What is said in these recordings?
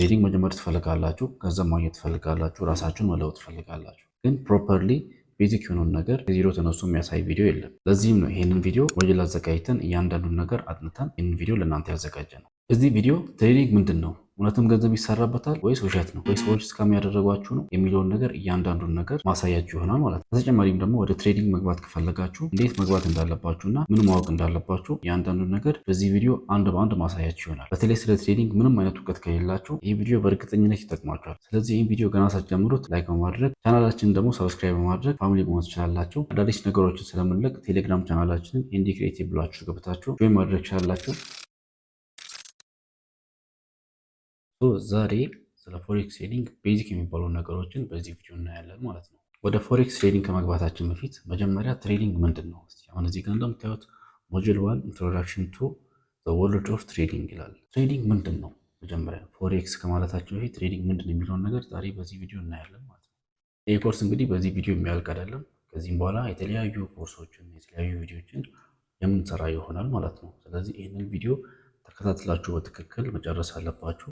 ሬዲንግ መጀመር ትፈልጋላችሁ፣ ገንዘብ ማግኘት ትፈልጋላችሁ፣ ራሳችሁን መለወጥ ትፈልጋላችሁ። ግን ፕሮፐርሊ ቤዚክ የሆነውን ነገር ከዜሮ ተነሱ የሚያሳይ ቪዲዮ የለም። ለዚህም ነው ይህንን ቪዲዮ ወጀል አዘጋጅተን እያንዳንዱን ነገር አጥንተን ይህንን ቪዲዮ ለእናንተ ያዘጋጀ ነው። እዚህ ቪዲዮ ትሬዲንግ ምንድን ነው? እውነትም ገንዘብ ይሰራበታል ወይስ ውሸት ነው? ወይስ ሰዎች እስካም ያደረጓችሁ ነው የሚለውን ነገር እያንዳንዱን ነገር ማሳያችሁ ይሆናል ማለት ነው። በተጨማሪም ደግሞ ወደ ትሬዲንግ መግባት ከፈለጋችሁ እንዴት መግባት እንዳለባችሁ እና ምን ማወቅ እንዳለባችሁ እያንዳንዱን ነገር በዚህ ቪዲዮ አንድ በአንድ ማሳያችሁ ይሆናል። በተለይ ስለ ትሬዲንግ ምንም አይነት እውቀት ከሌላችሁ ይህ ቪዲዮ በእርግጠኝነት ይጠቅማችኋል። ስለዚህ ይህን ቪዲዮ ገና ሳትጀምሩት ላይክ በማድረግ ቻናላችንን ደግሞ ሰብስክራይብ በማድረግ ፋሚሊ መሆን ትችላላችሁ። አዳዲስ ነገሮችን ስለምንለቅ ቴሌግራም ቻናላችንን ኢንዲክሬቲቭ ብላችሁ ገብታችሁ ወይም ማድረግ ትችላላችሁ። ዛሬ ስለ ፎሬክስ ትሬዲንግ ቤዚክ የሚባሉ ነገሮችን በዚህ ቪዲዮ እናያለን ማለት ነው። ወደ ፎሬክስ ትሬዲንግ ከመግባታችን በፊት መጀመሪያ ትሬዲንግ ምንድን ነው? አሁን እዚህ ጋር እንደምታዩት ሞጁል ዋን ኢንትሮዳክሽን ቱ ወርልድ ኦፍ ትሬዲንግ ይላል። ትሬዲንግ ምንድን ነው? መጀመሪያ ፎሬክስ ከማለታችን በፊት ትሬዲንግ ምንድን ነው የሚለውን ነገር ዛሬ በዚህ ቪዲዮ እናያለን ማለት ነው። ይህ ኮርስ እንግዲህ በዚህ ቪዲዮ የሚያልቅ አይደለም። ከዚህም በኋላ የተለያዩ ኮርሶችን የተለያዩ ቪዲዮችን የምንሰራ ይሆናል ማለት ነው። ስለዚህ ይህንን ቪዲዮ ተከታትላችሁ በትክክል መጨረስ አለባችሁ።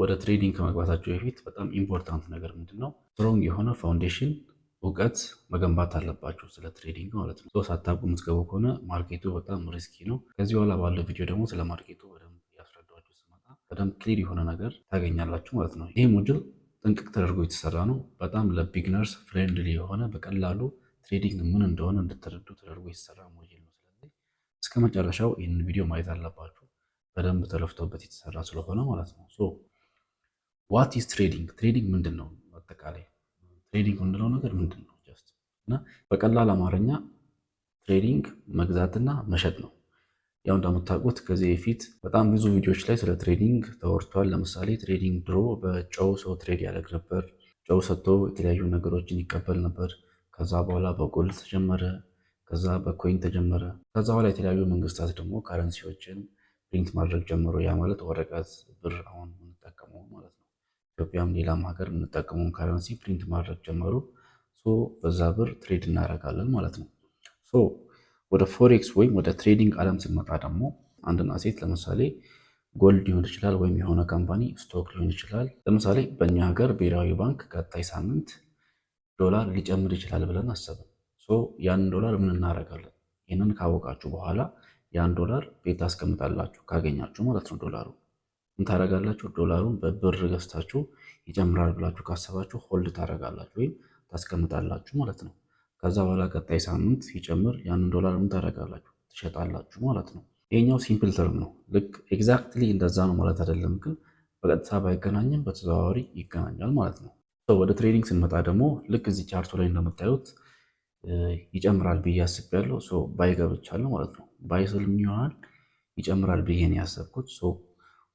ወደ ትሬዲንግ ከመግባታቸው በፊት በጣም ኢምፖርታንት ነገር ምንድን ነው? ስትሮንግ የሆነ ፋውንዴሽን እውቀት መገንባት አለባቸው ስለ ትሬዲንግ ማለት ነው። ሳታውቁ የምትገቡ ከሆነ ማርኬቱ በጣም ሪስኪ ነው። ከዚህ በኋላ ባለው ቪዲዮ ደግሞ ስለ ማርኬቱ በደንብ ያስረዳችሁ ስመጣ በደንብ ክሊር የሆነ ነገር ታገኛላችሁ ማለት ነው። ይህ ሞጁል ጥንቅቅ ተደርጎ የተሰራ ነው። በጣም ለቢግነርስ ፍሬንድሊ የሆነ በቀላሉ ትሬዲንግ ምን እንደሆነ እንድትረዱ ተደርጎ የተሰራ ሞጁል ነው። ስለዚህ እስከ መጨረሻው ይህንን ቪዲዮ ማየት አለባችሁ። በደንብ ተለፍቶበት የተሰራ ስለሆነ ማለት ነው። ዋት ኢዝ ትሬዲንግ፣ ትሬዲንግ ምንድን ነው፣ አጠቃላይ ትሬዲንግ ምንድነው ነገር ምንድን ነው እና በቀላል አማርኛ ትሬዲንግ መግዛትና መሸጥ ነው። ያው እንደምታውቁት ከዚህ በፊት በጣም ብዙ ቪዲዮዎች ላይ ስለ ትሬዲንግ ተወርቷል። ለምሳሌ ትሬዲንግ ድሮ በጨው ሰው ትሬድ ያደርግ ነበር። ጨው ሰጥቶ የተለያዩ ነገሮችን ይቀበል ነበር። ከዛ በኋላ በጎልድ ተጀመረ። ከዛ በኮይን ተጀመረ። ከዛ በኋላ የተለያዩ መንግስታት ደግሞ ካረንሲዎችን ፕሪንት ማድረግ ጀምሮ ያ ማለት ወረቀት፣ ብር አሁን የምንጠቀመው ማለት ነው። ኢትዮጵያም ሌላም ሀገር የምንጠቀመውን ከረንሲ ፕሪንት ማድረግ ጀመሩ። በዛ ብር ትሬድ እናደርጋለን ማለት ነው። ወደ ፎሬክስ ወይም ወደ ትሬዲንግ ዓለም ስንመጣ ደግሞ አንድን አሴት ለምሳሌ ጎልድ ሊሆን ይችላል፣ ወይም የሆነ ካምፓኒ ስቶክ ሊሆን ይችላል። ለምሳሌ በእኛ ሀገር ብሔራዊ ባንክ ቀጣይ ሳምንት ዶላር ሊጨምር ይችላል ብለን አሰብን። ያንን ዶላር ምን እናደርጋለን? ይህንን ካወቃችሁ በኋላ ያን ዶላር ቤት ታስቀምጣላችሁ ካገኛችሁ ማለት ነው ዶላሩ ታደርጋላችሁ ዶላሩን በብር ገዝታችሁ ይጨምራል ብላችሁ ካሰባችሁ ሆልድ ታደርጋላችሁ ወይም ታስቀምጣላችሁ ማለት ነው። ከዛ በኋላ ቀጣይ ሳምንት ሲጨምር ያንን ዶላር ምን ታደርጋላችሁ ትሸጣላችሁ ማለት ነው። ይሄኛው ሲምፕል ተርም ነው። ልክ ኤግዛክትሊ እንደዛ ነው ማለት አይደለም፣ ግን በቀጥታ ባይገናኝም በተዘዋዋሪ ይገናኛል ማለት ነው። ወደ ትሬዲንግ ስንመጣ ደግሞ ልክ እዚህ ቻርቱ ላይ እንደምታዩት ይጨምራል ብዬ አስቤያለሁ። ባይ ገብቻለሁ ማለት ነው። ባይ ስል ይሆናል ይጨምራል ብዬን ያሰብኩት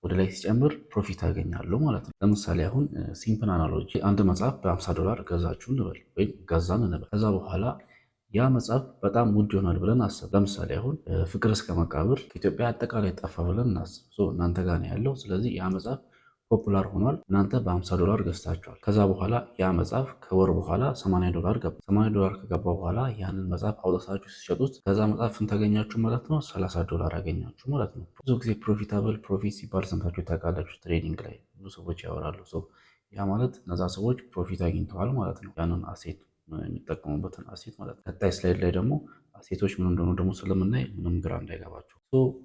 ወደ ላይ ሲጨምር ፕሮፊት አገኛለሁ ማለት ነው። ለምሳሌ አሁን ሲምፕል አናሎጂ አንድ መጽሐፍ በ50 ዶላር ገዛችሁ እንበል ወይም ገዛን እንበል። ከዛ በኋላ ያ መጽሐፍ በጣም ውድ ይሆናል ብለን አስብ። ለምሳሌ አሁን ፍቅር እስከ መቃብር ከኢትዮጵያ አጠቃላይ ጠፋ ብለን እናስብ። እናንተ ጋር ነው ያለው። ስለዚህ ያ መጽሐፍ ፖፑላር ሆኗል። እናንተ በ50 ዶላር ገዝታችኋል። ከዛ በኋላ ያ መጽሐፍ ከወር በኋላ 80 ዶላር ገባ። 80 ዶላር ከገባ በኋላ ያንን መጽሐፍ አውጥታችሁ ሲሸጡት ከዛ መጽሐፍን ተገኛችሁ ማለት ነው። 30 ዶላር አገኛችሁ ማለት ነው። ብዙ ጊዜ ፕሮፊታብል ፕሮፊት ሲባል ሰምታችሁ ታውቃላችሁ። ትሬዲንግ ላይ ብዙ ሰዎች ያወራሉ። ያ ማለት እነዛ ሰዎች ፕሮፊት አግኝተዋል ማለት ነው። ያንን አሴት የሚጠቀሙበትን አሴት ማለት ነው። ቀጣይ ስላይድ ላይ ደግሞ አሴቶች ምን እንደሆኑ ደግሞ ስለምናይ ምንም ግራ እንዳይገባቸው።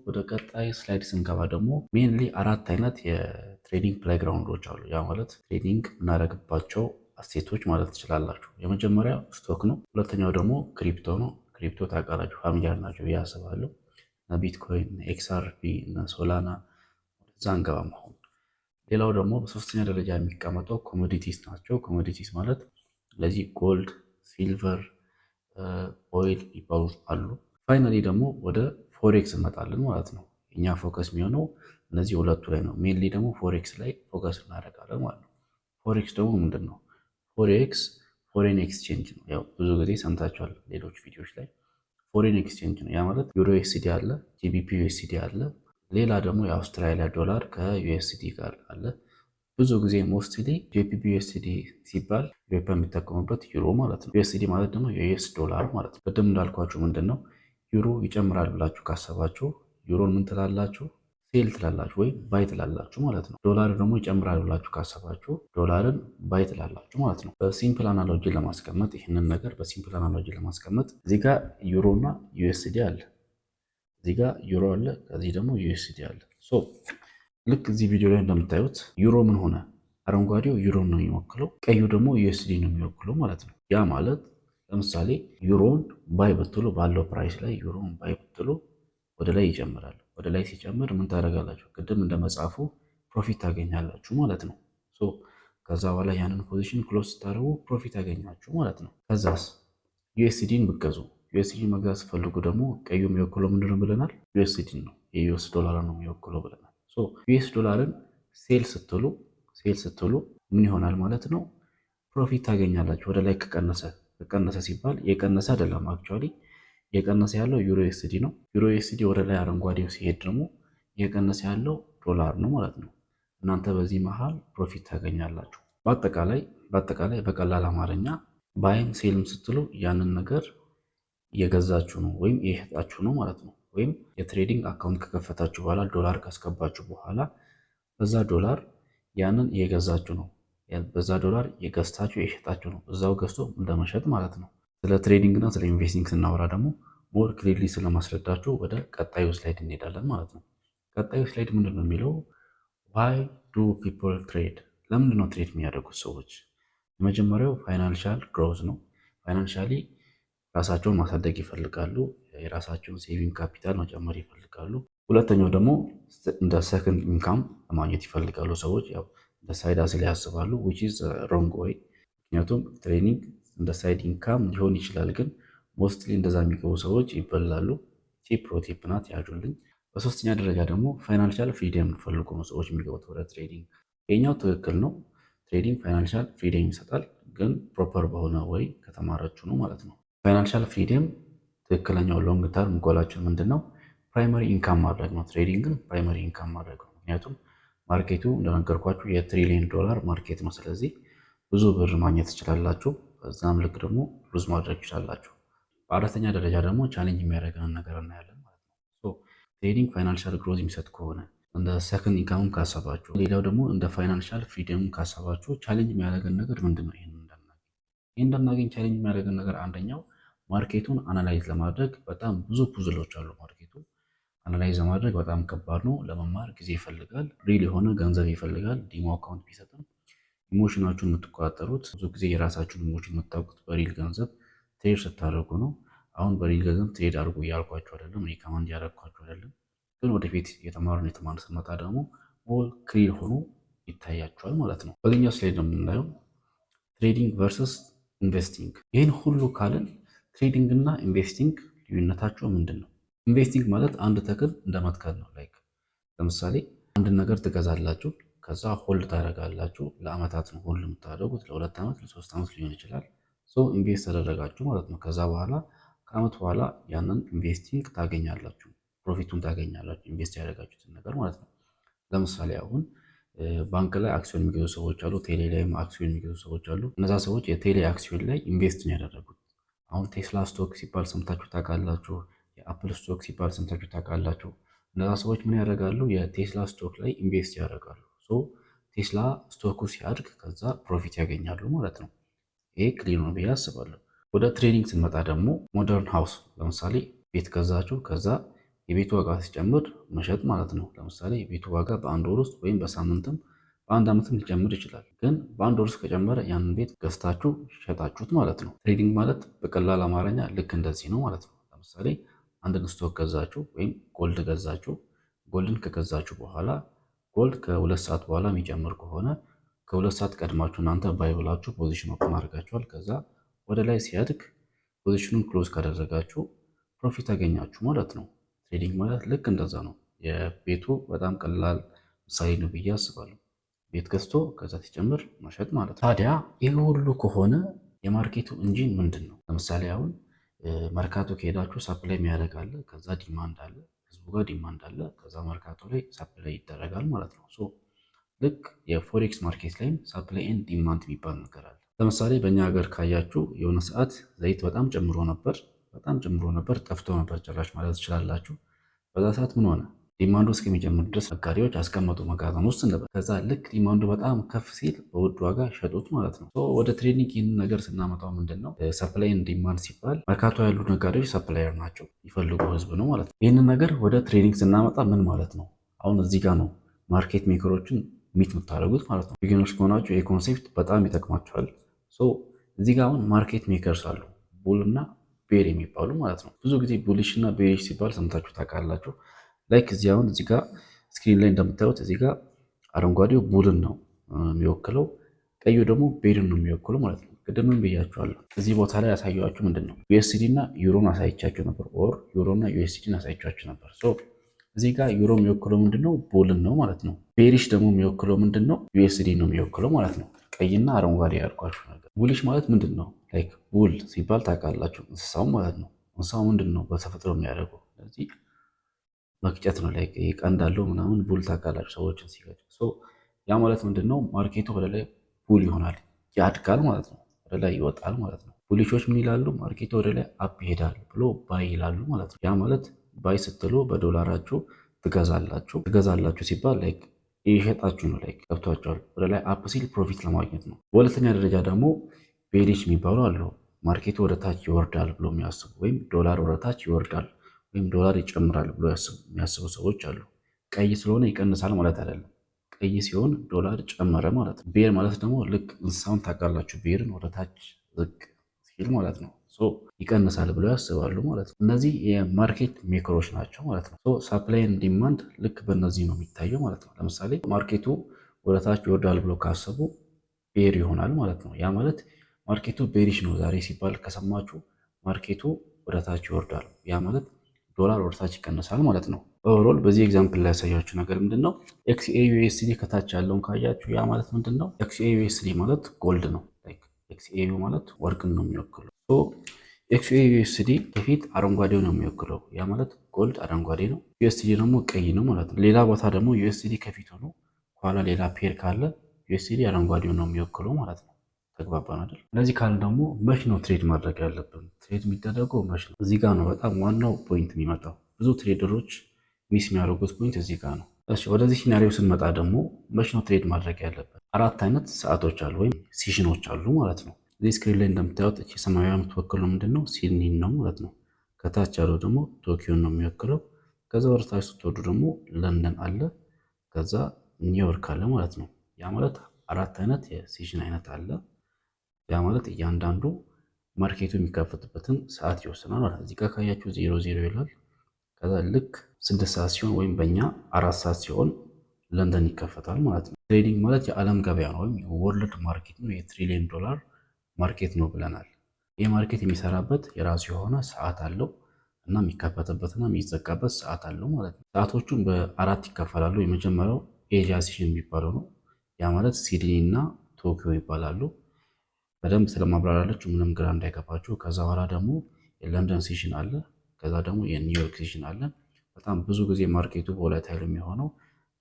ወደ ቀጣይ ስላይድ ስንገባ ደግሞ ሜንሊ አራት አይነት ትሬዲንግ ፕላይግራውንዶች አሉ። ያ ማለት ትሬዲንግ የምናደርግባቸው አሴቶች ማለት ትችላላችሁ። የመጀመሪያ ስቶክ ነው። ሁለተኛው ደግሞ ክሪፕቶ ነው። ክሪፕቶ ታውቃላችሁ፣ ፋሚሊያር ናቸው ብዬ አስባለሁ። እና ቢትኮይን፣ ኤክስአርፒ እና ሶላና ወደዛ አንገባም አሁን። ሌላው ደግሞ በሶስተኛ ደረጃ የሚቀመጠው ኮሞዲቲስ ናቸው። ኮሞዲቲስ ማለት ለዚህ ጎልድ፣ ሲልቨር፣ ኦይል ይባሉ አሉ። ፋይናሊ ደግሞ ወደ ፎሬክስ እንመጣለን ማለት ነው። እኛ ፎከስ የሚሆነው እነዚህ ሁለቱ ላይ ነው። ሜንሊ ደግሞ ፎሬክስ ላይ ፎከስ እናደርጋለን ማለት ነው። ፎሬክስ ደግሞ ምንድን ነው? ፎሬክስ ፎሬን ኤክስቼንጅ ነው። ያው ብዙ ጊዜ ሰምታችኋል ሌሎች ቪዲዮዎች ላይ ፎሬን ኤክስቼንጅ ነው። ያ ማለት ዩሮ ዩኤስዲ አለ፣ ጂቢፒ ዩኤስዲ አለ፣ ሌላ ደግሞ የአውስትራሊያ ዶላር ከዩኤስዲ ጋር አለ። ብዙ ጊዜ ሞስትሊ ጂቢፒ ዩኤስዲ ሲባል ኢትዮጵያ የሚጠቀሙበት ዩሮ ማለት ነው። ዩኤስዲ ማለት ደግሞ የዩኤስ ዶላር ማለት ነው። ቅድም እንዳልኳችሁ ምንድን ነው ዩሮ ይጨምራል ብላችሁ ካሰባችሁ ዩሮን ምን ትላላችሁ? ሴል ትላላችሁ ወይም ባይ ትላላችሁ ማለት ነው። ዶላር ደግሞ ይጨምራል ብላችሁ ካሰባችሁ ዶላርን ባይ ትላላችሁ ማለት ነው። በሲምፕል አናሎጂ ለማስቀመጥ ይህንን ነገር በሲምፕል አናሎጂ ለማስቀመጥ እዚህ ጋር ዩሮ እና ዩኤስዲ አለ፣ እዚህ ዩሮ አለ፣ ከዚህ ደግሞ ዩኤስዲ አለ። ሶ ልክ እዚህ ቪዲዮ ላይ እንደምታዩት ዩሮ ምን ሆነ? አረንጓዴው ዩሮን ነው የሚወክለው፣ ቀዩ ደግሞ ዩኤስዲ ነው የሚወክለው ማለት ነው። ያ ማለት ለምሳሌ ዩሮን ባይ ብትሉ ባለው ፕራይስ ላይ ዩሮን ባይ ብትሉ ወደ ላይ ይጨምራል። ወደ ላይ ሲጨምር ምን ታደርጋላችሁ? ቅድም እንደ መጽሐፉ ፕሮፊት ታገኛላችሁ ማለት ነው። ከዛ በኋላ ያንን ፖዚሽን ክሎዝ ስታደርጉ ፕሮፊት ያገኛችሁ ማለት ነው። ከዛስ ዩኤስዲን ብገዙ ዩኤስዲን መግዛት ስፈልጉ ደግሞ ቀዩ የሚወክለው ምንድነው ብለናል? ዩኤስዲን ነው የዩኤስ ዶላር ነው የሚወክለው ብለናል። ዩኤስ ዶላርን ሴል ስትሉ ሴል ስትሉ ምን ይሆናል ማለት ነው? ፕሮፊት ታገኛላችሁ ወደ ላይ ከቀነሰ ከቀነሰ ሲባል የቀነሰ አይደለም አክቹዋሊ እየቀነሰ ያለው ዩሮ ኤክስዲ ነው። ዩሮ ኤክስዲ ወደ ላይ አረንጓዴው ሲሄድ ደግሞ እየቀነሰ ያለው ዶላር ነው ማለት ነው። እናንተ በዚህ መሃል ፕሮፊት ታገኛላችሁ። በአጠቃላይ በአጠቃላይ በቀላል አማርኛ ባይም ሴልም ስትሉ ያንን ነገር እየገዛችሁ ነው ወይም እየሸጣችሁ ነው ማለት ነው። ወይም የትሬዲንግ አካውንት ከከፈታችሁ በኋላ ዶላር ካስገባችሁ በኋላ በዛ ዶላር ያንን እየገዛችሁ ነው። በዛ ዶላር የገዝታችሁ የሸጣችሁ ነው። እዛው ገዝቶ እንደመሸጥ ማለት ነው። ስለ ትሬዲንግ እና ስለ ኢንቨስቲንግ ስናወራ ደግሞ ሞር ክሊርሊ ስለማስረዳችሁ ወደ ቀጣዩ ስላይድ እንሄዳለን ማለት ነው። ቀጣዩ ስላይድ ምንድን ነው የሚለው ዋይ ዱ ፒፕል ትሬድ፣ ለምንድን ነው ትሬድ የሚያደርጉት ሰዎች? የመጀመሪያው ፋይናንሻል ግሮዝ ነው። ፋይናንሻሊ ራሳቸውን ማሳደግ ይፈልጋሉ። የራሳቸውን ሴቪንግ ካፒታል መጨመር ይፈልጋሉ። ሁለተኛው ደግሞ እንደ ሰክንድ ኢንካም ለማግኘት ይፈልጋሉ ሰዎች። ያው እንደ ሳይድ ሀስል ያስባሉ ዊች ኢዝ ሮንግ ወይ። ምክንያቱም ትሬኒንግ እንደ ሳይድ ኢንካም ሊሆን ይችላል። ግን ሞስትሊ እንደዛ የሚገቡ ሰዎች ይበላሉ። ቲፕ ሮቲፕ ናት ያዙልኝ። በሶስተኛ ደረጃ ደግሞ ፋይናንሻል ፍሪደም ፈልጎ ነው ሰዎች የሚገቡት ወደ ትሬዲንግ። ይሄኛው ትክክል ነው። ትሬዲንግ ፋይናንሻል ፍሪደም ይሰጣል፣ ግን ፕሮፐር በሆነ ወይ ከተማራችሁ ነው ማለት ነው። ፋይናንሻል ፍሪደም ትክክለኛው ሎንግ ተርም ጎላችን ምንድን ነው? ፕራይመሪ ኢንካም ማድረግ ነው። ትሬዲንግን ፕራይመሪ ኢንካም ማድረግ ነው። ምክንያቱም ማርኬቱ እንደነገርኳችሁ የትሪሊየን ዶላር ማርኬት ነው። ስለዚህ ብዙ ብር ማግኘት ትችላላችሁ። በዛም ልክ ደግሞ ሩዝ ማድረግ ይችላላችሁ። በአራተኛ ደረጃ ደግሞ ቻሌንጅ የሚያደርገንን ነገር እናያለን ማለት ነው። ትሬዲንግ ፋይናንሻል ግሮዝ የሚሰጥ ከሆነ እንደ ሰክንድ ኢንካምም ካሰባችሁ፣ ሌላው ደግሞ እንደ ፋይናንሻል ፍሪደም ካሰባችሁ ቻሌንጅ የሚያደርገን ነገር ምንድን ነው? ይህን እንዳናገኝ ይህን እንዳናገኝ ቻሌንጅ የሚያደርገን ነገር አንደኛው ማርኬቱን አናላይዝ ለማድረግ በጣም ብዙ ፑዝሎች አሉ። ማርኬቱ አናላይዝ ለማድረግ በጣም ከባድ ነው። ለመማር ጊዜ ይፈልጋል። ሪል የሆነ ገንዘብ ይፈልጋል። ዲሞ አካውንት ቢሰጥም ኢሞሽናችሁን የምትቆጣጠሩት ብዙ ጊዜ የራሳችሁን ኢሞሽን የምታውቁት በሪል ገንዘብ ትሬድ ስታደርጉ ነው። አሁን በሪል ገንዘብ ትሬድ አድርጉ እያልኳቸው አይደለም፣ ከማንድ እያደረግኳቸው አይደለም። ግን ወደፊት የተማሩን የተማር ስመጣ ደግሞ ሞር ክሊር ሆኖ ይታያቸዋል ማለት ነው። በዚህኛው ስላይድ ነው የምናየው ትሬዲንግ ቨርሰስ ኢንቨስቲንግ። ይህን ሁሉ ካልን ትሬዲንግ እና ኢንቨስቲንግ ልዩነታቸው ምንድን ነው? ኢንቨስቲንግ ማለት አንድ ተክል እንደመትከል ነው። ላይክ ለምሳሌ አንድን ነገር ትገዛላችሁ ከዛ ሆልድ ታደርጋላችሁ። ለአመታት ነው ሆልድ የምታደረጉት፣ ለሁለት ዓመት ለሶስት ዓመት ሊሆን ይችላል። ሰው ኢንቬስት ተደረጋችሁ ማለት ነው። ከዛ በኋላ ከአመት በኋላ ያንን ኢንቨስቲንግ ታገኛላችሁ፣ ፕሮፊቱን ታገኛላችሁ፣ ኢንቨስት ያደረጋችሁትን ነገር ማለት ነው። ለምሳሌ አሁን ባንክ ላይ አክሲዮን የሚገዙ ሰዎች አሉ፣ ቴሌ ላይም አክሲዮን የሚገዙ ሰዎች አሉ። እነዛ ሰዎች የቴሌ አክሲዮን ላይ ኢንቨስት ነው ያደረጉት። አሁን ቴስላ ስቶክ ሲባል ሰምታችሁ ታውቃላችሁ። የአፕል ስቶክ ሲባል ሰምታችሁ ታውቃላችሁ። እነዛ ሰዎች ምን ያደርጋሉ? የቴስላ ስቶክ ላይ ኢንቨስት ያደርጋሉ። ቴስላ ስቶኩ ሲያድግ ከዛ ፕሮፊት ያገኛሉ ማለት ነው። ይሄ ክሊኑ ነው ብዬ አስባለሁ። ወደ ትሬዲንግ ስንመጣ ደግሞ ሞደርን ሃውስ ለምሳሌ ቤት ገዛችሁ፣ ከዛ የቤቱ ዋጋ ሲጨምር መሸጥ ማለት ነው። ለምሳሌ የቤቱ ዋጋ በአንድ ወር ውስጥ ወይም በሳምንትም በአንድ ዓመትም ሊጨምር ይችላል። ግን በአንድ ወር ውስጥ ከጨመረ ያንን ቤት ገዝታችሁ ሸጣችሁት ማለት ነው። ትሬዲንግ ማለት በቀላል አማርኛ ልክ እንደዚህ ነው ማለት ነው። ለምሳሌ አንድን ስቶክ ገዛችሁ ወይም ጎልድ ገዛችሁ። ጎልድን ከገዛችሁ በኋላ ጎልድ ከሁለት ሰዓት በኋላ የሚጨምር ከሆነ ከሁለት ሰዓት ቀድማችሁ እናንተ ባይብላችሁ ፖዚሽን ኦፕን አድርጋችኋል። ከዛ ወደ ላይ ሲያድግ ፖዚሽኑን ክሎዝ ካደረጋችሁ ፕሮፊት አገኛችሁ ማለት ነው። ትሬዲንግ ማለት ልክ እንደዛ ነው። የቤቱ በጣም ቀላል ምሳሌ ነው ብዬ አስባለሁ። ቤት ገዝቶ ከዛ ሲጨምር መሸጥ ማለት ነው። ታዲያ ይህ ሁሉ ከሆነ የማርኬቱ እንጂን ምንድን ነው? ለምሳሌ አሁን መርካቶ ከሄዳችሁ ሰፕላይ የሚያደርግ አለ፣ ከዛ ዲማንድ አለ ህዝቡ ጋር ዲማንድ አለ። ከዛ መርካቶ ላይ ሳፕላይ ይደረጋል ማለት ነው። ሶ ልክ የፎሬክስ ማርኬት ላይም ሳፕላይ ኤንድ ዲማንድ የሚባል ነገር አለ። ለምሳሌ በእኛ ሀገር ካያችሁ የሆነ ሰዓት ዘይት በጣም ጨምሮ ነበር፣ በጣም ጨምሮ ነበር፣ ጠፍቶ ነበር ጭራሽ ማለት ትችላላችሁ። በዛ ሰዓት ምን ሆነ? ዲማንዱ እስከሚጀምር ድረስ ነጋዴዎች አስቀመጡ መጋዘን ውስጥ ነበር። ከዛ ልክ ዲማንዱ በጣም ከፍ ሲል በውድ ዋጋ ሸጡት ማለት ነው። ወደ ትሬዲንግ ይህንን ነገር ስናመጣው ምንድን ነው ሰፕላይን ዲማንድ ሲባል መርካቶ ያሉ ነጋዴዎች ሰፕላየር ናቸው፣ ይፈልጉ ህዝብ ነው ማለት ነው። ይህንን ነገር ወደ ትሬዲንግ ስናመጣ ምን ማለት ነው? አሁን እዚህ ጋር ነው ማርኬት ሜከሮችን ሚት የምታደርጉት ማለት ነው። ቢግነርስ ከሆናቸው ይህ ኮንሴፕት በጣም ይጠቅማቸዋል። እዚህ ጋር አሁን ማርኬት ሜከርስ አሉ ቡል እና ቤር የሚባሉ ማለት ነው። ብዙ ጊዜ ቡሊሽ እና ቤሪሽ ሲባል ሰምታችሁ ታውቃላችሁ። ላይክ እዚህ አሁን እዚህ ጋር ስክሪን ላይ እንደምታዩት እዚህ ጋር አረንጓዴው ቡድን ነው የሚወክለው፣ ቀዩ ደግሞ ቤድን ነው የሚወክለው ማለት ነው። ቅድምም ብያቸዋለሁ እዚህ ቦታ ላይ ያሳየኋችሁ ምንድን ነው ዩኤስዲ እና ዩሮን አሳይቻችሁ ነበር። ኦር ዩሮ እና ዩኤስዲን አሳይቻችሁ ነበር። እዚህ ጋር ዩሮ የሚወክለው ምንድን ነው ቦልን ነው ማለት ነው። ቤሪሽ ደግሞ የሚወክለው ምንድን ነው ዩኤስዲ ነው የሚወክለው ማለት ነው። ቀይና አረንጓዴ ያልኳችሁ ነገር ቡሊሽ ማለት ምንድን ነው? ላይክ ቡል ሲባል ታውቃላችሁ እንስሳው ማለት ነው። እንስሳው ምንድን ነው በተፈጥሮ የሚያደርገው ስለዚህ መቅጨት ነው። ላይ ይሄ ቀንድ አለው ምናምን ቡል ታውቃላችሁ፣ ሰዎችን ሲገጭ። ያ ማለት ምንድን ነው? ማርኬቱ ወደ ላይ ቡል ይሆናል፣ ያድጋል ማለት ነው። ወደ ላይ ይወጣል ማለት ነው። ቡሊሾች ምን ይላሉ? ማርኬቱ ወደ ላይ አፕ ይሄዳል ብሎ ባይ ይላሉ ማለት ነው። ያ ማለት ባይ ስትሉ በዶላራችሁ ትገዛላችሁ። ትገዛላችሁ ሲባል ላይ ይሸጣችሁ ነው። ላይ ገብቷቸዋል። ወደ ላይ አፕ ሲል ፕሮፊት ለማግኘት ነው። በሁለተኛ ደረጃ ደግሞ ቤሊች የሚባሉ አሉ። ማርኬቱ ወደ ታች ይወርዳል ብሎ የሚያስቡ ወይም ዶላር ወደ ታች ይወርዳል ወይም ዶላር ይጨምራል ብሎ የሚያስቡ ሰዎች አሉ። ቀይ ስለሆነ ይቀንሳል ማለት አይደለም። ቀይ ሲሆን ዶላር ጨመረ ማለት ነው። ብሔር ማለት ደግሞ ልክ እንስሳውን ታውቃላችሁ፣ ብሔርን ወደታች ዝቅ ሲል ማለት ነው። ይቀንሳል ብለው ያስባሉ ማለት ነው። እነዚህ የማርኬት ሜከሮች ናቸው ማለት ነው። ሳፕላይን ዲማንድ ልክ በእነዚህ ነው የሚታየው ማለት ነው። ለምሳሌ ማርኬቱ ወደታች ይወርዳል ብለው ካሰቡ ቤር ይሆናል ማለት ነው። ያ ማለት ማርኬቱ ቤሪሽ ነው ዛሬ ሲባል ከሰማችሁ ማርኬቱ ወደ ታች ይወርዳል ያ ማለት ዶላር ወደታች ይቀነሳል ማለት ነው። ኦቨሮል በዚህ ኤግዛምፕል ላይ ያሳያችሁ ነገር ምንድን ነው? ኤክስኤ ዩኤስዲ ከታች ያለውን ካያችሁ ያ ማለት ምንድን ነው? ማለት ጎልድ ነው። ኤክስኤዩ ማለት ወርቅን ነው የሚወክለው። ኤክስኤ ዩኤስዲ ከፊት አረንጓዴው ነው የሚወክለው። ያ ማለት ጎልድ አረንጓዴ ነው፣ ዩኤስዲ ደግሞ ቀይ ነው ማለት ነው። ሌላ ቦታ ደግሞ ዩኤስዲ ከፊት ሆኖ ከኋላ ሌላ ፔር ካለ ዩኤስዲ አረንጓዴው ነው የሚወክለው ማለት ነው። ተግባባን አይደል? እንደዚህ ካል ደግሞ መቼ ነው ትሬድ ማድረግ ያለብን? ትሬድ የሚደረገው መቼ ነው? እዚህ ጋር ነው በጣም ዋናው ፖይንት የሚመጣው። ብዙ ትሬደሮች ሚስ የሚያደርጉት ፖይንት እዚህ ጋር ነው። እሺ ወደዚህ ሲናሪዮ ስንመጣ ደግሞ መቼ ነው ትሬድ ማድረግ ያለብን? አራት አይነት ሰዓቶች አሉ ወይም ሲሽኖች አሉ ማለት ነው። እዚህ ስክሪን ላይ እንደምታዩት እቺ ሰማያዊ የምትወክለው ምንድን ነው? ሲድኒን ነው ማለት ነው። ከታች ያለው ደግሞ ቶኪዮን ነው የሚወክለው። ከዛ ወደታች ስትወዱ ደግሞ ለንደን አለ፣ ከዛ ኒውዮርክ አለ ማለት ነው። ያ ማለት አራት አይነት የሲሽን አይነት አለ። ያ ማለት እያንዳንዱ ማርኬቱ የሚካፈትበትን ሰዓት ይወስናል ማለት እዚህ ጋር ካያችሁ ዜሮ ዜሮ ይላል። ከዛ ልክ ስድስት ሰዓት ሲሆን ወይም በእኛ አራት ሰዓት ሲሆን ለንደን ይከፈታል ማለት ነው። ትሬዲንግ ማለት የዓለም ገበያ ነው ወይም የወርልድ ማርኬት ነው። የትሪሊየን ዶላር ማርኬት ነው ብለናል። ይህ ማርኬት የሚሰራበት የራሱ የሆነ ሰዓት አለው እና የሚከፈትበትና የሚዘጋበት ሰዓት አለው ማለት ነው። ሰዓቶቹን በአራት ይከፈላሉ። የመጀመሪያው ኤዥያ ሴሽን የሚባለው ነው። ያ ማለት ሲድኒ እና ቶኪዮ ይባላሉ። በደንብ ስለማብራራለች ምንም ግራ እንዳይገባችሁ። ከዛ በኋላ ደግሞ የለንደን ሴሽን አለ። ከዛ ደግሞ የኒውዮርክ ሴሽን አለ። በጣም ብዙ ጊዜ ማርኬቱ ቮላታይል የሚሆነው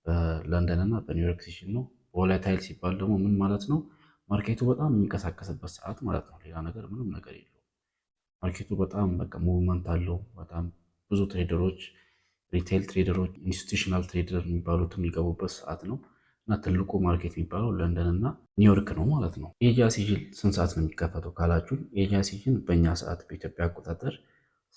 በለንደን እና በኒውዮርክ ሴሽን ነው። ቮላታይል ሲባል ደግሞ ምን ማለት ነው? ማርኬቱ በጣም የሚንቀሳቀስበት ሰዓት ማለት ነው። ሌላ ነገር ምንም ነገር የለውም። ማርኬቱ በጣም በቃ ሙቭመንት አለው። በጣም ብዙ ትሬደሮች፣ ሪቴል ትሬደሮች፣ ኢንስቲቱሽናል ትሬደር የሚባሉትም የሚገቡበት ሰዓት ነው። እና ትልቁ ማርኬት የሚባለው ለንደን እና ኒውዮርክ ነው ማለት ነው። የጃዝ ሲጅን ስንት ሰዓት ነው የሚከፈተው ካላችሁ የጃዝ ሲጅን በእኛ ሰዓት በኢትዮጵያ አቆጣጠር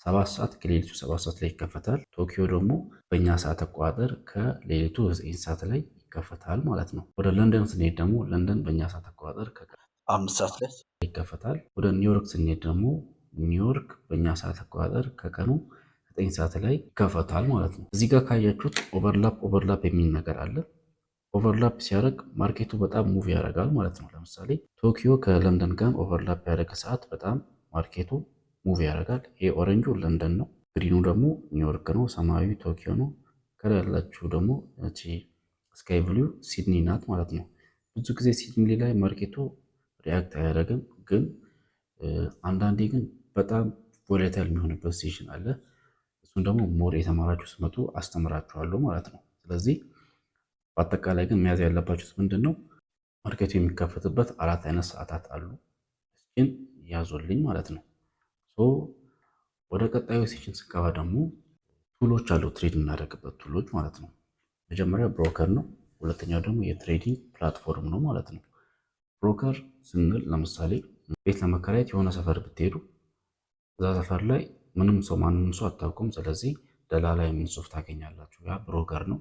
ሰባት ሰዓት ከሌሊቱ ሰባት ሰዓት ላይ ይከፈታል። ቶኪዮ ደግሞ በእኛ ሰዓት አቆጣጠር ከሌሊቱ ዘጠኝ ሰዓት ላይ ይከፈታል ማለት ነው። ወደ ለንደን ስንሄድ ደግሞ ለንደን በእኛ ሰዓት አቆጣጠር ከአምስት ሰዓት ላይ ይከፈታል። ወደ ኒውዮርክ ስንሄድ ደግሞ ኒውዮርክ በእኛ ሰዓት አቆጣጠር ከቀኑ ዘጠኝ ሰዓት ላይ ይከፈታል ማለት ነው። እዚህ ጋር ካያችሁት ኦቨርላፕ ኦቨርላፕ የሚል ነገር አለ። ኦቨርላፕ ሲያደርግ ማርኬቱ በጣም ሙቭ ያደርጋል ማለት ነው። ለምሳሌ ቶኪዮ ከለንደን ጋር ኦቨርላፕ ያደረገ ሰዓት በጣም ማርኬቱ ሙቭ ያደርጋል። ይሄ ኦረንጁ ለንደን ነው፣ ግሪኑ ደግሞ ኒውዮርክ ነው፣ ሰማያዊ ቶኪዮ ነው፣ ከላይ ያላችሁ ደግሞ እቺ ስካይ ብሉ ሲድኒ ናት ማለት ነው። ብዙ ጊዜ ሲድኒ ላይ ማርኬቱ ሪያክት አያደርግም፣ ግን አንዳንዴ ግን በጣም ቮሌታይል የሚሆንበት ሲሽን አለ። እሱን ደግሞ ሞር የተማራችሁ ስመጡ አስተምራችኋለሁ ማለት ነው። ስለዚህ በአጠቃላይ ግን መያዝ ያለባችሁት ምንድን ነው? ማርኬቱ የሚከፈትበት አራት አይነት ሰዓታት አሉ። እስኪን ያዙልኝ ማለት ነው። ወደ ቀጣዩ ሴሽን ስንገባ ደግሞ ቱሎች አሉ፣ ትሬድ የምናደርግበት ቱሎች ማለት ነው። መጀመሪያ ብሮከር ነው። ሁለተኛው ደግሞ የትሬዲንግ ፕላትፎርም ነው ማለት ነው። ብሮከር ስንል ለምሳሌ ቤት ለመከራየት የሆነ ሰፈር ብትሄዱ እዛ ሰፈር ላይ ምንም ሰው ማንም ሰው አታውቁም። ስለዚህ ደላላ የሚል ታገኛላችሁ። ያ ብሮከር ነው።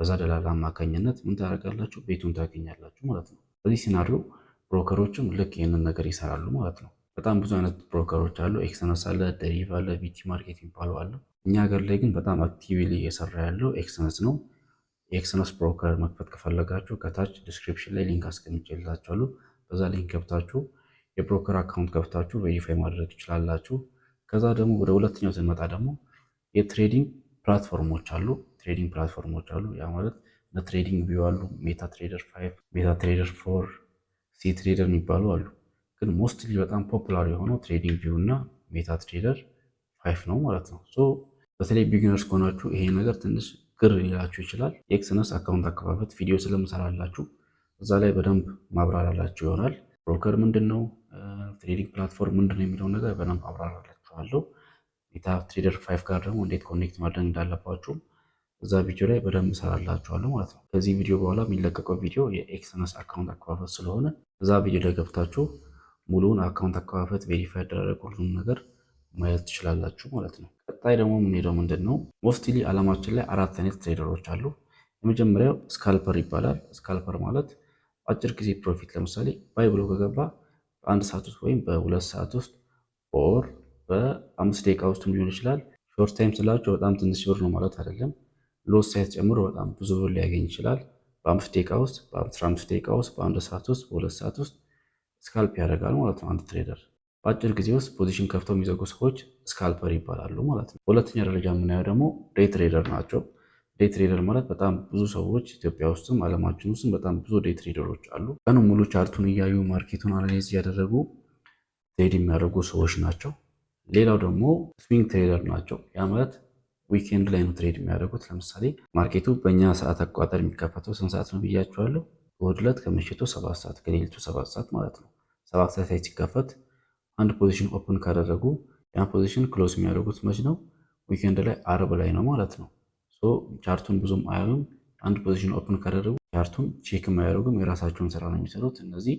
በዛ ደላላ አማካኝነት ምን ታደርጋላችሁ? ቤቱን ታገኛላችሁ ማለት ነው። በዚህ ሲናሪዮ ብሮከሮችም ልክ ይህንን ነገር ይሰራሉ ማለት ነው። በጣም ብዙ አይነት ብሮከሮች አሉ። ኤክሰነስ አለ፣ ደሪቭ አለ፣ ቢቲ ማርኬት የሚባሉ አለ። እኛ ሀገር ላይ ግን በጣም አክቲቪሊ እየሰራ ያለው ኤክሰነስ ነው። የኤክሰነስ ብሮከር መክፈት ከፈለጋችሁ ከታች ዲስክሪፕሽን ላይ ሊንክ አስቀምጬላችኋለሁ። በዛ ሊንክ ገብታችሁ የብሮከር አካውንት ገብታችሁ ቬሪፋይ ማድረግ ትችላላችሁ። ከዛ ደግሞ ወደ ሁለተኛው ስንመጣ ደግሞ የትሬዲንግ ፕላትፎርሞች አሉ። ትሬዲንግ ፕላትፎርሞች አሉ። ያ ማለት ትሬዲንግ ቪው አሉ። ሜታ ትሬደር ፋይቭ፣ ሜታ ትሬደር ፎር፣ ሲ ትሬደር የሚባሉ አሉ። ግን ሞስትሊ በጣም ፖፑላር የሆነው ትሬዲንግ ቪው እና ሜታ ትሬደር ፋይፍ ነው ማለት ነው። ሶ በተለይ ቢግነርስ ከሆናችሁ ይሄ ነገር ትንሽ ግር ሊላችሁ ይችላል። ኤክስነስ አካውንት አከፋፈት ቪዲዮ ስለምሰራላችሁ እዛ ላይ በደንብ ማብራራላችሁ ይሆናል። ብሮከር ምንድን ነው፣ ትሬዲንግ ፕላትፎርም ምንድን ነው ነገር በደንብ አብራራላችኋለሁ። ሜታ ትሬደር ፋይፍ ጋር ደግሞ እንዴት ኮኔክት ማድረግ እንዳለባችሁም? እዛ ቪዲዮ ላይ በደንብ እሰራላችኋለሁ ማለት ነው። ከዚህ ቪዲዮ በኋላ የሚለቀቀው ቪዲዮ የኤክስነስ አካውንት አከፋፈት ስለሆነ እዛ ቪዲዮ ላይ ገብታችሁ ሙሉውን አካውንት አከፋፈት ቬሪፋይ ያደረገ ሁሉም ነገር ማየት ትችላላችሁ ማለት ነው። ቀጣይ ደግሞ የምንሄደው ምንድን ነው? ሞስትሊ ዓለማችን ላይ አራት አይነት ትሬደሮች አሉ። የመጀመሪያው ስካልፐር ይባላል። ስካልፐር ማለት አጭር ጊዜ ፕሮፊት፣ ለምሳሌ ባይ ብሎ ከገባ በአንድ ሰዓት ውስጥ ወይም በሁለት ሰዓት ውስጥ ኦር በአምስት ደቂቃ ውስጥም ሊሆን ይችላል። ሾርት ታይም ስላቸው በጣም ትንሽ ብር ነው ማለት አይደለም። ሎስ ጨምሮ በጣም ብዙ ብር ሊያገኝ ይችላል። በአምስት ደቂቃ ውስጥ በአስራ አምስት ደቂቃ ውስጥ በአንድ ሰዓት ውስጥ በሁለት ሰዓት ውስጥ ስካልፕ ያደርጋል ማለት ነው። አንድ ትሬደር በአጭር ጊዜ ውስጥ ፖዚሽን ከፍተው የሚዘጉ ሰዎች ስካልፐር ይባላሉ ማለት ነው። በሁለተኛ ደረጃ የምናየው ደግሞ ዴይ ትሬደር ናቸው። ዴይ ትሬደር ማለት በጣም ብዙ ሰዎች ኢትዮጵያ ውስጥም አለማችን ውስጥም በጣም ብዙ ዴይ ትሬደሮች አሉ። ቀኑ ሙሉ ቻርቱን እያዩ ማርኬቱን አናሊዝ እያደረጉ ትሬድ የሚያደርጉ ሰዎች ናቸው። ሌላው ደግሞ ስዊንግ ትሬደር ናቸው። ያ ማለት ዊኬንድ ላይ ነው ትሬድ የሚያደርጉት። ለምሳሌ ማርኬቱ በእኛ ሰዓት አቆጣጠር የሚከፈተው ስንት ሰዓት ነው ብያቸዋለሁ? እሑድ ዕለት ከምሽቱ ሰባት ሰዓት ከሌሊቱ ሰባት ሰዓት ማለት ነው። ሰባት ሰዓት ላይ ሲከፈት አንድ ፖዚሽን ኦፕን ካደረጉ ያን ፖዚሽን ክሎዝ የሚያደርጉት መች ነው? ዊኬንድ ላይ አርብ ላይ ነው ማለት ነው። ቻርቱን ብዙም አያዩም። አንድ ፖዚሽን ኦፕን ካደረጉ ቻርቱን ቼክም አያደርጉም። የራሳቸውን ስራ ነው የሚሰሩት። እነዚህ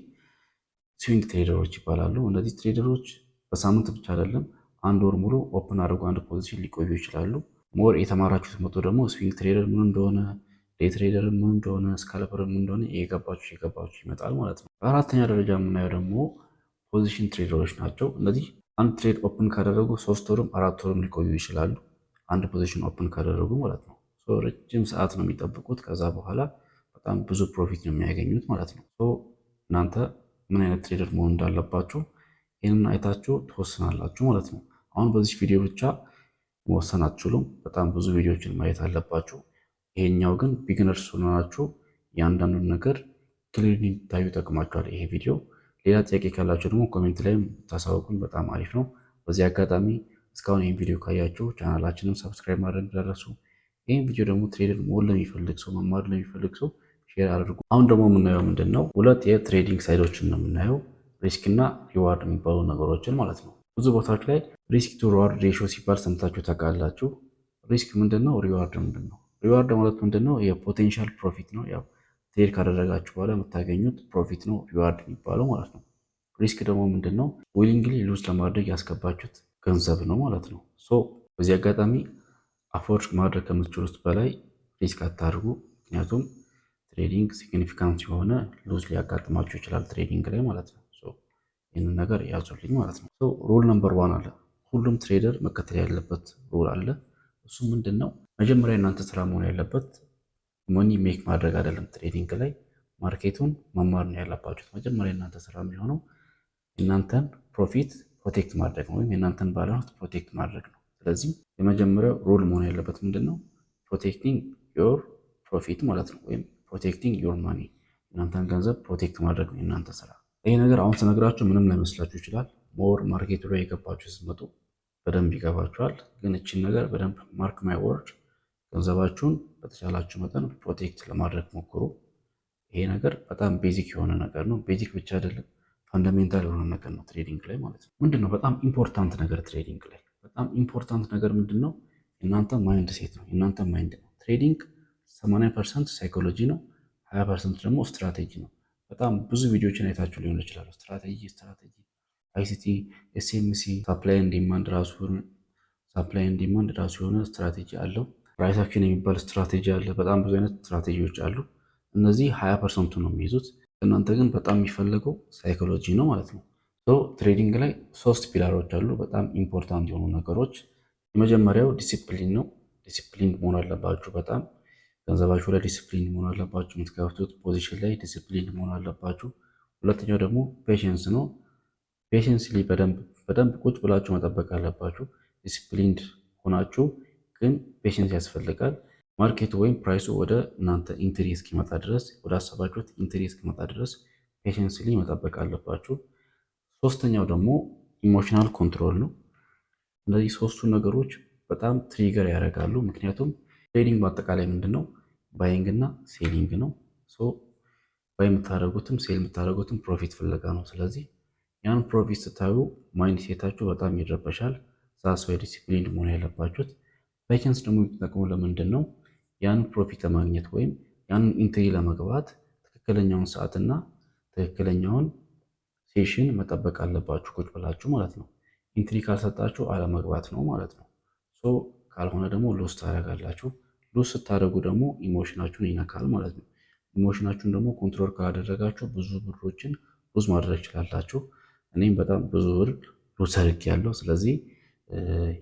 ስዊንግ ትሬደሮች ይባላሉ። እነዚህ ትሬደሮች በሳምንት ብቻ አይደለም አንድ ወር ሙሉ ኦፕን አድርጎ አንድ ፖዚሽን ሊቆዩ ይችላሉ። ሞር የተማራችሁት መቶ ደግሞ ስዊንግ ትሬደር ምን እንደሆነ ዴይ ትሬደር ምን እንደሆነ ስካልፐር ምን እንደሆነ የገባችሁ የገባችሁ ይመጣል ማለት ነው። በአራተኛ ደረጃ የምናየው ደግሞ ፖዚሽን ትሬደሮች ናቸው። እነዚህ አንድ ትሬድ ኦፕን ካደረጉ ሶስት ወርም አራት ወርም ሊቆዩ ይችላሉ። አንድ ፖዚሽን ኦፕን ካደረጉ ማለት ነው። ረጅም ሰዓት ነው የሚጠብቁት። ከዛ በኋላ በጣም ብዙ ፕሮፊት ነው የሚያገኙት ማለት ነው። እናንተ ምን አይነት ትሬደር መሆን እንዳለባችሁ ይህንን አይታችሁ ትወስናላችሁ ማለት ነው። አሁን በዚህ ቪዲዮ ብቻ መወሰን አትችሉም። በጣም ብዙ ቪዲዮዎችን ማየት አለባችሁ። ይሄኛው ግን ቢግነርስ ሆናችሁ የአንዳንዱን ነገር ክሊር ታዩ ይጠቅማችኋል ይሄ ቪዲዮ። ሌላ ጥያቄ ካላችሁ ደግሞ ኮሜንት ላይም ታሳውቁን፣ በጣም አሪፍ ነው። በዚህ አጋጣሚ እስካሁን ይህን ቪዲዮ ካያችሁ ቻናላችንም ሰብስክራይብ ማድረግ እንዳትረሱ። ይህን ቪዲዮ ደግሞ ትሬድን መሆን ለሚፈልግ ሰው መማር ለሚፈልግ ሰው ሼር አድርጉ። አሁን ደግሞ የምናየው ምንድን ነው፣ ሁለት የትሬዲንግ ሳይዶችን ነው የምናየው፣ ሪስክ እና ሪዋርድ የሚባሉ ነገሮችን ማለት ነው። ብዙ ቦታዎች ላይ ሪስክ ቱ ሪዋርድ ሬሾ ሲባል ሰምታችሁ ታውቃላችሁ። ሪስክ ምንድን ነው? ሪዋርድ ምንድን ነው? ሪዋርድ ማለት ምንድን ነው? የፖቴንሻል ፕሮፊት ነው። ያው ትሬድ ካደረጋችሁ በኋላ የምታገኙት ፕሮፊት ነው ሪዋርድ የሚባለው ማለት ነው። ሪስክ ደግሞ ምንድን ነው? ዊሊንግሊ ሉዝ ለማድረግ ያስገባችሁት ገንዘብ ነው ማለት ነው። ሶ በዚህ አጋጣሚ አፎርድ ማድረግ ከምትችሉት በላይ ሪስክ አታድርጉ። ምክንያቱም ትሬዲንግ ሲግኒፊካንት የሆነ ሉዝ ሊያጋጥማችሁ ይችላል ትሬዲንግ ላይ ማለት ነው። ይህንን ነገር ያዙልኝ ማለት ነው። ሩል ነምበር ዋን አለ። ሁሉም ትሬደር መከተል ያለበት ሩል አለ። እሱ ምንድን ነው? መጀመሪያ እናንተ ስራ መሆን ያለበት መኒ ሜክ ማድረግ አይደለም። ትሬዲንግ ላይ ማርኬቱን መማር ነው ያለባችሁት። መጀመሪያ እናንተ ስራ የሚሆነው የእናንተን ፕሮፊት ፕሮቴክት ማድረግ ነው፣ ወይም የእናንተን ባላንስ ፕሮቴክት ማድረግ ነው። ስለዚህ የመጀመሪያው ሩል መሆን ያለበት ምንድን ነው? ፕሮቴክቲንግ ዮር ፕሮፊት ማለት ነው፣ ወይም ፕሮቴክቲንግ ዮር ማኒ፣ የእናንተን ገንዘብ ፕሮቴክት ማድረግ ነው የእናንተ ስራ። ይህ ነገር አሁን ስነግራችሁ ምንም ላይመስላችሁ ይችላል። ሞር ማርኬት ላይ የገባችሁ ስትመጡ በደንብ ይገባችኋል። ግን እችን ነገር በደንብ ማርክ ማይ ወርድ፣ ገንዘባችሁን በተቻላችሁ መጠን ፕሮቴክት ለማድረግ ሞክሩ። ይሄ ነገር በጣም ቤዚክ የሆነ ነገር ነው። ቤዚክ ብቻ አይደለም ፋንዳሜንታል የሆነ ነገር ነው። ትሬዲንግ ላይ ማለት ነው። ምንድን ነው በጣም ኢምፖርታንት ነገር ትሬዲንግ ላይ በጣም ኢምፖርታንት ነገር ምንድን ነው? የእናንተ ማይንድ ሴት ነው። የእናንተ ማይንድ ነው። ትሬዲንግ 80 ፐርሰንት ሳይኮሎጂ ነው፣ 20 ፐርሰንት ደግሞ ስትራቴጂ ነው። በጣም ብዙ ቪዲዮዎችን አይታችሁ ሊሆን ይችላል። ስትራቴጂ ስትራቴጂ አይሲቲ ኤስኤምሲ ሳፕላይ ኤንድ ዲማንድ ራሱ ሳፕላይ ዲማንድ ራሱ የሆነ ስትራቴጂ አለው። ራይስ አክሽን የሚባል ስትራቴጂ አለ። በጣም ብዙ አይነት ስትራቴጂዎች አሉ። እነዚህ ሀያ ፐርሰንቱ ነው የሚይዙት። እናንተ ግን በጣም የሚፈለገው ሳይኮሎጂ ነው ማለት ነው። ትሬዲንግ ላይ ሶስት ፒላሮች አሉ፣ በጣም ኢምፖርታንት የሆኑ ነገሮች። የመጀመሪያው ዲሲፕሊን ነው። ዲሲፕሊን መሆን አለባችሁ በጣም ገንዘባችሁ ላይ ዲስፕሊን መሆን አለባችሁ። የምትከፍቱት ፖዚሽን ላይ ዲስፕሊን መሆን አለባችሁ። ሁለተኛው ደግሞ ፔሽንስ ነው። ፔሽንስ ላይ በደንብ ቁጭ ብላችሁ መጠበቅ አለባችሁ። ዲስፕሊንድ ሆናችሁ ግን ፔሽንስ ያስፈልጋል። ማርኬቱ ወይም ፕራይሱ ወደ እናንተ ኢንትሪ እስኪመጣ ድረስ ወደ ሀሳባችሁት ኢንትሪ እስኪመጣ ድረስ ፔሽንስ ላይ መጠበቅ አለባችሁ። ሶስተኛው ደግሞ ኢሞሽናል ኮንትሮል ነው። እነዚህ ሶስቱ ነገሮች በጣም ትሪገር ያደርጋሉ። ምክንያቱም ትሬዲንግ በአጠቃላይ ምንድን ነው ባይንግ እና ሴሊንግ ነው። ባይ የምታደርጉትም ሴል የምታደርጉትም ፕሮፊት ፍለጋ ነው። ስለዚህ ያን ፕሮፊት ስታዩ ማይንድ ሴታችሁ በጣም ይረበሻል። ዛስ ወይ ዲሲፕሊን መሆን ያለባችሁት። ባይቻንስ ደግሞ የሚጠቅሙ ለምንድን ነው? ያንን ፕሮፊት ለማግኘት ወይም ያንን ኢንትሪ ለመግባት ትክክለኛውን ሰዓትና ትክክለኛውን ሴሽን መጠበቅ አለባችሁ፣ ቁጭ ብላችሁ ማለት ነው። ኢንትሪ ካልሰጣችሁ አለመግባት ነው ማለት ነው። ካልሆነ ደግሞ ሎስ ታደርጋላችሁ። ሉዝ ስታደርጉ ደግሞ ኢሞሽናችሁን ይነካል ማለት ነው። ኢሞሽናችሁን ደግሞ ኮንትሮል ካላደረጋችሁ ብዙ ብሮችን ሉዝ ማድረግ ይችላላችሁ። እኔም በጣም ብዙ ብር ሉዝ ያለው። ስለዚህ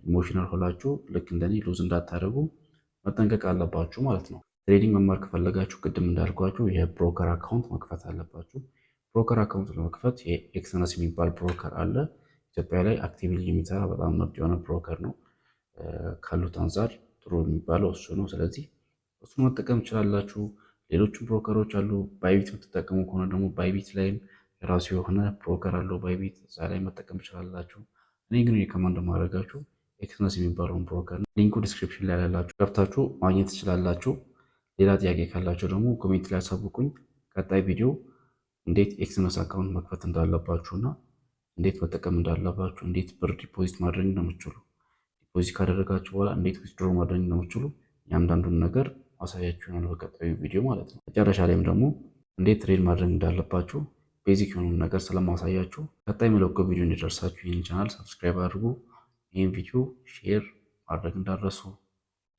ኢሞሽናል ሆላችሁ ልክ እንደኔ ሉዝ እንዳታደርጉ መጠንቀቅ አለባችሁ ማለት ነው። ትሬዲንግ መማር ከፈለጋችሁ ቅድም እንዳልኳችሁ የብሮከር አካውንት መክፈት አለባችሁ። ብሮከር አካውንት ለመክፈት የኤክሰነስ የሚባል ብሮከር አለ። ኢትዮጵያ ላይ አክቲቪሊ የሚሰራ በጣም ምርጥ የሆነ ብሮከር ነው ካሉት አንጻር ጥሩ የሚባለው እሱ ነው። ስለዚህ እሱን መጠቀም ትችላላችሁ። ሌሎችም ብሮከሮች አሉ። ባይቢት የምትጠቀሙ ከሆነ ደግሞ ባይቢት ላይም የራሱ የሆነ ብሮከር አለው ባይቢት፣ እዛ ላይ መጠቀም ትችላላችሁ። እኔ ግን ሪከመንድ ማድረጋችሁ ኤክስነስ የሚባለውን ብሮከር ሊንኩ ዲስክሪፕሽን ላይ ያላችሁ ገብታችሁ ማግኘት ትችላላችሁ። ሌላ ጥያቄ ካላችሁ ደግሞ ኮሜንት ላይ ያሳውቁኝ። ቀጣይ ቪዲዮ እንዴት ኤክስነስ አካውንት መክፈት እንዳለባችሁ እና እንዴት መጠቀም እንዳለባችሁ እንዴት ብር ዲፖዚት ማድረግ እንደምችሉ ፖዚት ካደረጋችሁ በኋላ እንዴት ዊዝድሮ ማድረግ እንደምችሉ የአንዳንዱን ነገር ማሳያችሁ ይሆናል በቀጣዩ ቪዲዮ ማለት ነው። መጨረሻ ላይም ደግሞ እንዴት ትሬድ ማድረግ እንዳለባችሁ ቤዚክ የሆኑን ነገር ስለማሳያችሁ ቀጣይ መለጎ ቪዲዮ እንዲደርሳችሁ ይህን ቻናል ሰብስክራይብ አድርጉ። ይህን ቪዲዮ ሼር ማድረግ እንዳረሱ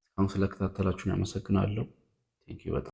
እስካሁን ስለከታተላችሁን ያመሰግናለሁ። ቴንኪው በጣም